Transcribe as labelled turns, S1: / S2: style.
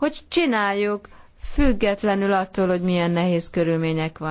S1: hogy csináljuk, függetlenül attól, hogy milyen nehéz körülmények vannak.